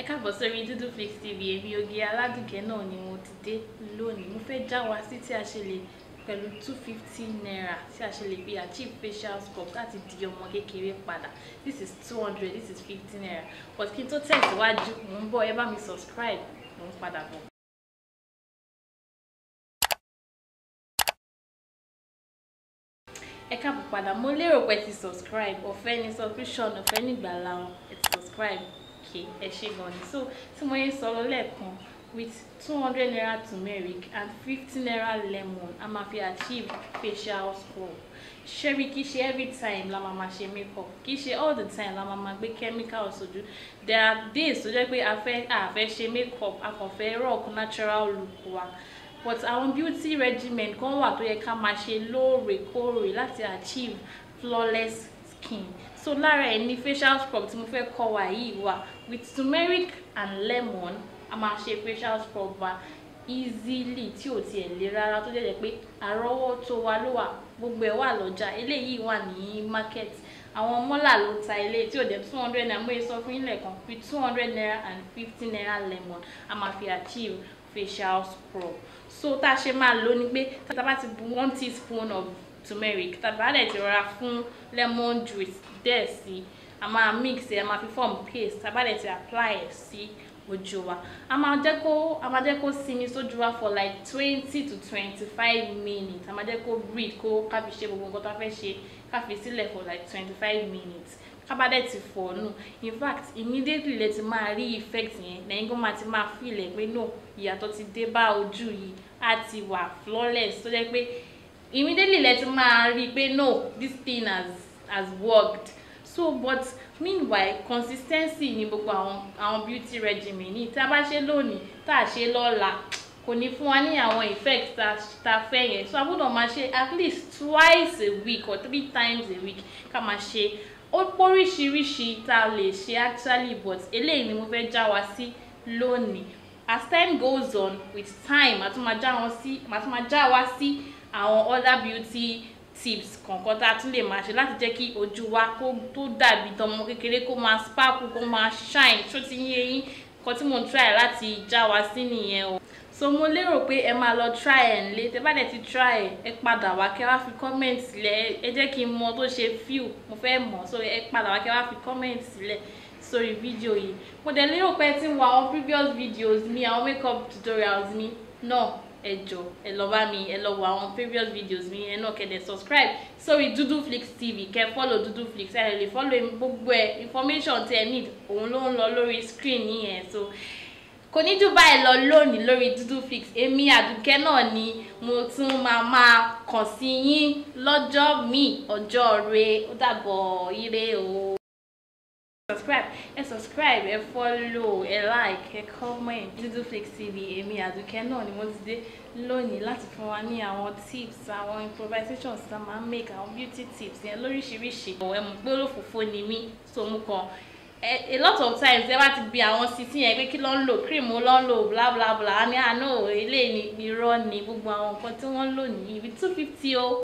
ẹ káàbọ̀ sórí dúdú flix tv èmi oge aládùnkẹ́ náà ni mo ti dé lónìí mo fẹ́ já wa sí tí a ṣe lè pẹ̀lú two fifty naira tí a ṣe lè fi achieve facial sculpt láti di ọmọ kékeré padà this is two hundred this is fifteen naira but kí n tó tẹ̀síwájú mò ń bọ̀ ẹ bá mi subscribe mò ń padà bọ̀. ẹ káàbọ̀ padà mo lérò pé ti subscribe ọ̀fẹ́ ni subscription ọ̀fẹ́ nígbà làwọn ẹ ti subscribe okay ẹ ṣe gan so tí mo yẹn sọ lọ lẹ́ẹ̀kan with 200 hundred naira turmeric and fifty naira lemon a máa fi achieve facial scrub ṣebí kì í every time la máa máa ṣe makeup kì í all the time la máa máa gbé chemical sójú there are days tó jẹ́ pé a fẹ́ a fẹ́ ṣe makeup a kàn fẹ́ rock natural look wa but our beauty regimen kan wà tó yẹ ká máa ṣe lóòrèkóòrè láti achieve flawless skin so lára ẹ̀ ni facial scrub tí mo fẹ́ kọ́ wa yìí wà with turmeric and lemon a máa ṣe facial scrub wa easily tí ò tiẹ̀ le rárá tó jẹ́ pé àrọ́wọ́tó wa ló wà gbogbo ẹ̀ wà lọ́jà eléyìí wà ní market àwọn mọ́là ló ta ilé tí ò dé two hundred naira mo yẹ sọ fún ilẹ̀ kan fi two hundred naira and fifty naira lemon a máa fi achieve facial scrub so tá a ṣe máa lò ní pé tá a bá ti bu one teaspoon of turmeric tàbí àdẹ̀ ti rọra fún lemon juice díẹ̀ sí i a máa mix ẹ̀ a máa fi form paste tàbí àdẹ̀ ti apply ẹ̀ sí ojú wa a máa jẹ́ kó a máa jẹ́ kó sinmi sójú wa for like twenty to twenty-five minutes a máa jẹ́ kó breathe kó ká fi ṣe gbogbo nǹkan tá a fẹ́ ṣe ká fi sílẹ̀ for like twenty-five minutes kábàdẹ̀ ti fọ̀ nù in fact immediately lè ti máa rí effect yẹn lẹ́yìn kó máa ti máa feel ẹ̀ pé no ìyàtọ̀ ti dé bá ojú yìí á ti wà flawless tó jẹ́ pé immediately let ti máa rí no this thing has has worked so but meanwhile consistency ni gbogbo àwọn àwọn beauty regimen. ní tá a bá ṣe lónìí tá a ṣe lọ́la kò ní fún wa ní àwọn effect ta ta fẹ́ yẹn so a gbọ́dọ̀ máa ṣe at least twice a week or three times a week ká máa ṣe ó póríṣiríṣi tá a lè ṣe actually but eléyìí ni mo fẹ́ já wa sí lónìí as time goes on with time màá tún máa já wa sí àwọn other beauty tips kọ̀ọ̀kan tá a tún lè máa ṣe láti jẹ́ kí ojú wa kó tó dàbí tọmọ kékeré kó máa sparkle kó máa shine tó ti yé yín nǹkan tí mo ń try láti já wa sí nìyẹn o so mo lérò pé ẹ máa lọ try ẹ̀ ńlé tẹ bá dẹ̀ ti try ẹ̀ ẹ padà wá kẹ́ wá fi comment sílẹ̀ ẹ jẹ́ kí n mọ tó ṣe feel mo fẹ́ mọ̀ so ẹ padà wá kẹ́ wá fi comment sílẹ̀ sórí fídíò yìí mo dẹ̀ lérò pé ẹ ti ń àwọn previous videos mi àwọn makeup tutorials mi náà. No ẹ jọ ẹ lọ bá mi ẹ lọ wo àwọn previous videos mi ẹ náà kẹdẹ subscribe sórí Doodleflix TV kẹ follow Doodleflix ẹ lè follow gbogbo ẹ information tí ẹ need òun ló ń lọ lórí screen yìí so kò ní jù báyìí lọ lónìí lórí Doodleflix èmi àdùkẹ́ náà ni mo tún máa máa kàn sí yín lọ́jọ́ míì ọjọ́ rẹ ó dàbọ̀ ire o subscribe and subscribe and follow and like and comment Doodle Flakes TV èmi àdùkẹ́ náà ni mo ti dé lónìí láti fún wa ní àwọn tips àwọn improvisations tá a máa ń make our beauty tips yẹn lóríṣiríṣi ẹ mọ̀ pé olófòfó ni mí so mo kàn a lot of times ẹ bá ti bi àwọn sisi yẹn pé kí ló ń lò cream ó ló ń lò bla bla bla ní àná ilé ní irọ́ ni gbogbo àwọn nǹkan tí wọ́n ń lò ní ibi two fifty o.